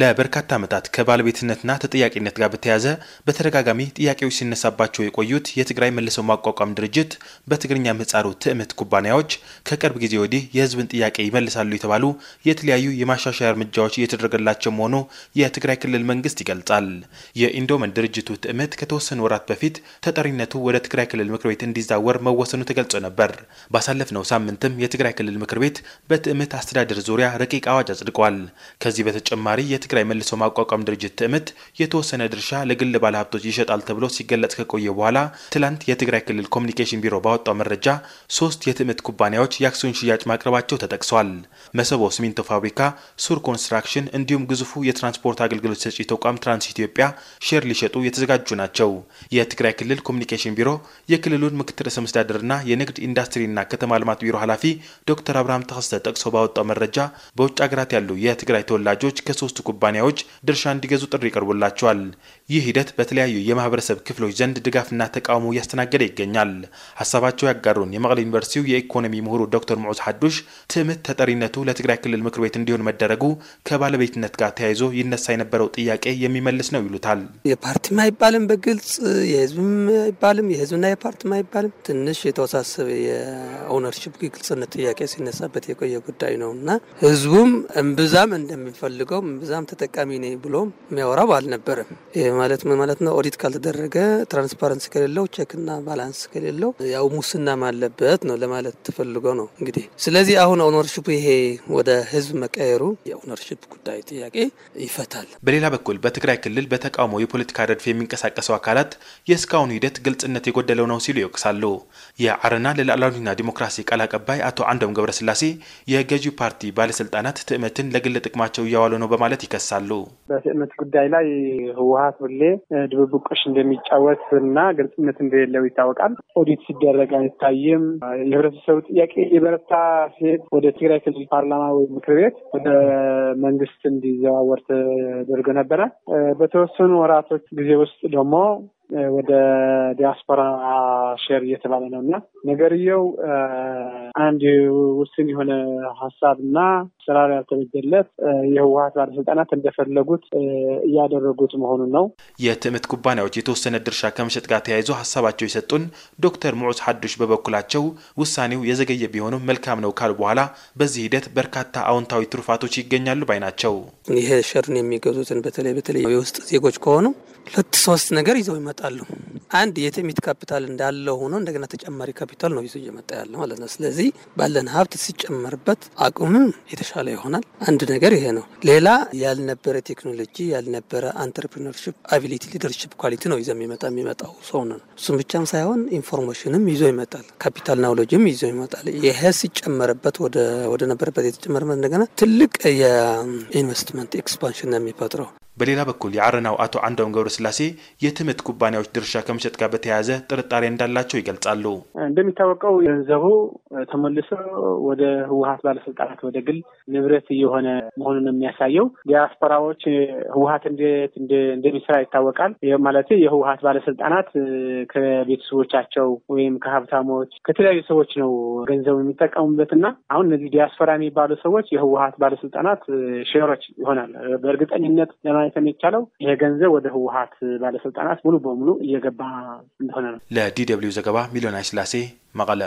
ለበርካታ ዓመታት ከባለቤትነትና ተጠያቂነት ጋር በተያያዘ በተደጋጋሚ ጥያቄዎች ሲነሳባቸው የቆዩት የትግራይ መልሰው ማቋቋም ድርጅት በትግርኛ ምህጻሩ ትዕምት ኩባንያዎች ከቅርብ ጊዜ ወዲህ የሕዝብን ጥያቄ ይመልሳሉ የተባሉ የተለያዩ የማሻሻያ እርምጃዎች እየተደረገላቸው መሆኑ የትግራይ ክልል መንግስት ይገልጻል። የኢንዶመን ድርጅቱ ትዕምት ከተወሰኑ ወራት በፊት ተጠሪነቱ ወደ ትግራይ ክልል ምክር ቤት እንዲዛወር መወሰኑ ተገልጾ ነበር። ባሳለፍነው ሳምንትም የትግራይ ክልል ምክር ቤት በትዕምት አስተዳደር ዙሪያ ረቂቅ አዋጅ አጽድቋል። ከዚህ በተጨማሪ የትግራይ መልሶ ማቋቋም ድርጅት ትዕምት የተወሰነ ድርሻ ለግል ባለሀብቶች ይሸጣል ተብሎ ሲገለጽ ከቆየ በኋላ ትላንት የትግራይ ክልል ኮሚኒኬሽን ቢሮ ባወጣው መረጃ ሶስት የትዕምት ኩባንያዎች የአክሲዮን ሽያጭ ማቅረባቸው ተጠቅሷል። መሰቦ ሲሚንቶ ፋብሪካ፣ ሱር ኮንስትራክሽን እንዲሁም ግዙፉ የትራንስፖርት አገልግሎት ሰጪ ተቋም ትራንስ ኢትዮጵያ ሼር ሊሸጡ የተዘጋጁ ናቸው። የትግራይ ክልል ኮሚኒኬሽን ቢሮ የክልሉን ምክትል ርዕሰ መስተዳድርና የንግድ ኢንዱስትሪና ከተማ ልማት ቢሮ ኃላፊ ዶክተር አብርሃም ተከስተ ጠቅሶ ባወጣው መረጃ በውጭ ሀገራት ያሉ የትግራይ ተወላጆች ከሶስቱ ኩባንያዎች ድርሻ እንዲገዙ ጥሪ ቀርቦላቸዋል። ይህ ሂደት በተለያዩ የማህበረሰብ ክፍሎች ዘንድ ድጋፍና ተቃውሞ እያስተናገደ ይገኛል። ሀሳባቸው ያጋሩን የመቀሌ ዩኒቨርሲቲው የኢኮኖሚ ምሁሩ ዶክተር ሙዑዝ ሀዱሽ ትምህርት ተጠሪነቱ ለትግራይ ክልል ምክር ቤት እንዲሆን መደረጉ ከባለቤትነት ጋር ተያይዞ ይነሳ የነበረው ጥያቄ የሚመልስ ነው ይሉታል። የፓርቲም አይባልም፣ በግልጽ የህዝብም አይባልም፣ የህዝብና የፓርቲም አይባልም። ትንሽ የተወሳሰበ የኦነርሽፕ ግልጽነት ጥያቄ ሲነሳበት የቆየ ጉዳይ ነው እና ህዝቡም እምብዛም እንደሚፈልገው በዛም ተጠቃሚ ነኝ ብሎም የሚያወራው አልነበረም። ይህ ማለት ምን ማለት ነው? ኦዲት ካልተደረገ ትራንስፓረንስ ከሌለው ቼክና ባላንስ ከሌለው ያው ሙስናም አለበት ነው ለማለት ተፈልጎ ነው እንግዲህ። ስለዚህ አሁን ኦነርሽፕ ይሄ ወደ ህዝብ መቀየሩ የኦነርሽፕ ጉዳይ ጥያቄ ይፈታል። በሌላ በኩል በትግራይ ክልል በተቃውሞ የፖለቲካ ረድፍ የሚንቀሳቀሰው አካላት የእስካሁኑ ሂደት ግልጽነት የጎደለው ነው ሲሉ ይወቅሳሉ። የአረና ለሉዓላዊና ዲሞክራሲ ቃል አቀባይ አቶ አንዶም ገብረስላሴ የገዢው ፓርቲ ባለስልጣናት ትዕመትን ለግል ጥቅማቸው እያዋሉ ነው በማለት ይከሳሉ። በስእምት ጉዳይ ላይ ህወሀት ሁሌ ድብብቆሽ እንደሚጫወት እና ግልጽነት እንደሌለው ይታወቃል። ኦዲት ሲደረግ አይታይም። የህብረተሰቡ ጥያቄ የበረታ ሲሄድ ወደ ትግራይ ክልል ፓርላማ ወይ ምክር ቤት ወደ መንግስት እንዲዘዋወር ተደርጎ ነበረ። በተወሰኑ ወራቶች ጊዜ ውስጥ ደግሞ ወደ ዲያስፖራ ሼር እየተባለ ነው እና ነገርየው አንድ ውስን የሆነ ሀሳብ እና ስራ ያልተበጀለት የህወሀት ባለስልጣናት እንደፈለጉት እያደረጉት መሆኑን ነው። የትዕምት ኩባንያዎች የተወሰነ ድርሻ ከመሸጥ ጋር ተያይዞ ሀሳባቸው የሰጡን ዶክተር ሙዑዝ ሀዱሽ በበኩላቸው ውሳኔው የዘገየ ቢሆንም መልካም ነው ካሉ በኋላ በዚህ ሂደት በርካታ አዎንታዊ ትሩፋቶች ይገኛሉ ባይ ናቸው። ይሄ ሸርን የሚገዙትን በተለይ በተለይ የውስጥ ዜጎች ከሆኑ ሁለት ሶስት ነገር ይዘው ይመጣሉ። አንድ የትሚት ካፒታል እንዳለው ሆኖ እንደገና ተጨማሪ ካፒታል ነው ይዞ እየመጣ ያለ ማለት ነው። ስለዚህ ባለን ሀብት ሲጨመርበት አቅምም የተሻለ ይሆናል። አንድ ነገር ይሄ ነው። ሌላ ያልነበረ ቴክኖሎጂ፣ ያልነበረ አንትርፕሪነርሽፕ አቢሊቲ፣ ሊደርሽፕ ኳሊቲ ነው ይዘ የሚመጣ የሚመጣው ሰው ነው። እሱም ብቻም ሳይሆን ኢንፎርሜሽንም ይዞ ይመጣል። ካፒታል ናውሎጂም ይዞ ይመጣል። ይሄ ሲጨመርበት ወደ ነበረበት የተጨመረበት እንደገና ትልቅ የኢንቨስትመንት ኤክስፓንሽን ነው የሚፈጥረው። በሌላ በኩል የአረናው አቶ አንዳውን ገብረስላሴ የትምህርት ኩባንያዎች ድርሻ ከመሸጥ ጋር በተያያዘ ጥርጣሬ እንዳላቸው ይገልጻሉ። እንደሚታወቀው ገንዘቡ ተመልሶ ወደ ህወሀት ባለስልጣናት ወደ ግል ንብረት እየሆነ መሆኑን የሚያሳየው ዲያስፖራዎች ህወሀት እንዴት እንደሚሰራ ይታወቃል። ማለት የህወሀት ባለስልጣናት ከቤተሰቦቻቸው ወይም ከሀብታሞች ከተለያዩ ሰዎች ነው ገንዘቡ የሚጠቀሙበት እና አሁን እነዚህ ዲያስፖራ የሚባሉ ሰዎች የህወሀት ባለስልጣናት ሼሮች ይሆናል በእርግጠኝነት ለማ ማየት የሚቻለው ይሄ ገንዘብ ወደ ህወሀት ባለስልጣናት ሙሉ በሙሉ እየገባ እንደሆነ ነው። ለዲ ደብልዩ ዘገባ ሚሊዮን አይስላሴ መቀለ